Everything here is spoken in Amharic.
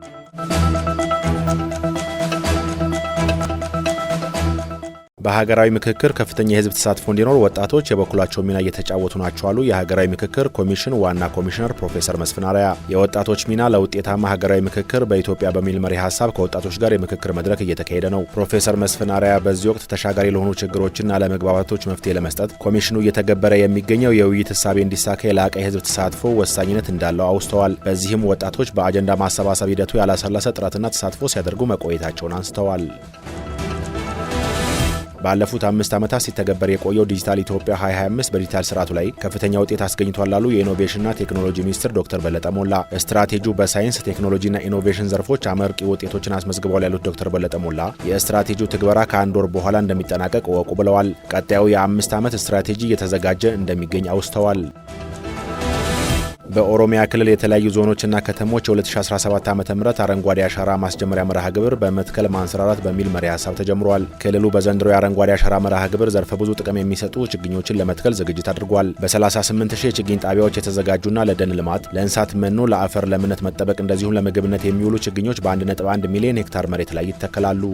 you. በሀገራዊ ምክክር ከፍተኛ የህዝብ ተሳትፎ እንዲኖር ወጣቶች የበኩላቸው ሚና እየተጫወቱ ናቸው አሉ የሀገራዊ ምክክር ኮሚሽን ዋና ኮሚሽነር ፕሮፌሰር መስፍን አርአያ። የወጣቶች ሚና ለውጤታማ ሀገራዊ ምክክር በኢትዮጵያ በሚል መሪ ሀሳብ ከወጣቶች ጋር የምክክር መድረክ እየተካሄደ ነው። ፕሮፌሰር መስፍን አርአያ በዚህ ወቅት ተሻጋሪ ለሆኑ ችግሮችና ለመግባባቶች መፍትሄ ለመስጠት ኮሚሽኑ እየተገበረ የሚገኘው የውይይት እሳቤ እንዲሳካ የላቀ የህዝብ ተሳትፎ ወሳኝነት እንዳለው አውስተዋል። በዚህም ወጣቶች በአጀንዳ ማሰባሰብ ሂደቱ ያላሰለሰ ጥረትና ተሳትፎ ሲያደርጉ መቆየታቸውን አንስተዋል። ባለፉት አምስት ዓመታት ሲተገበር የቆየው ዲጂታል ኢትዮጵያ 2025 በዲጂታል ስርዓቱ ላይ ከፍተኛ ውጤት አስገኝቷል ላሉ የኢኖቬሽንና ቴክኖሎጂ ሚኒስትር ዶክተር በለጠ ሞላ። ስትራቴጂው በሳይንስ ቴክኖሎጂና ኢኖቬሽን ዘርፎች አመርቂ ውጤቶችን አስመዝግበዋል ያሉት ዶክተር በለጠ ሞላ የስትራቴጂው ትግበራ ከአንድ ወር በኋላ እንደሚጠናቀቅ እወቁ ብለዋል። ቀጣዩ የአምስት ዓመት ስትራቴጂ እየተዘጋጀ እንደሚገኝ አውስተዋል። በኦሮሚያ ክልል የተለያዩ ዞኖችና ከተሞች የ2017 ዓ ም አረንጓዴ አሻራ ማስጀመሪያ መርሃ ግብር በመትከል ማንሰራራት በሚል መሪ ሀሳብ ተጀምሯል። ክልሉ በዘንድሮ የአረንጓዴ አሻራ መርሃ ግብር ዘርፈ ብዙ ጥቅም የሚሰጡ ችግኞችን ለመትከል ዝግጅት አድርጓል። በ38 ሺህ የችግኝ ጣቢያዎች የተዘጋጁና ለደን ልማት፣ ለእንስሳት መኖ፣ ለአፈር ለምነት መጠበቅ እንደዚሁም ለምግብነት የሚውሉ ችግኞች በ1.1 ሚሊዮን ሄክታር መሬት ላይ ይተከላሉ።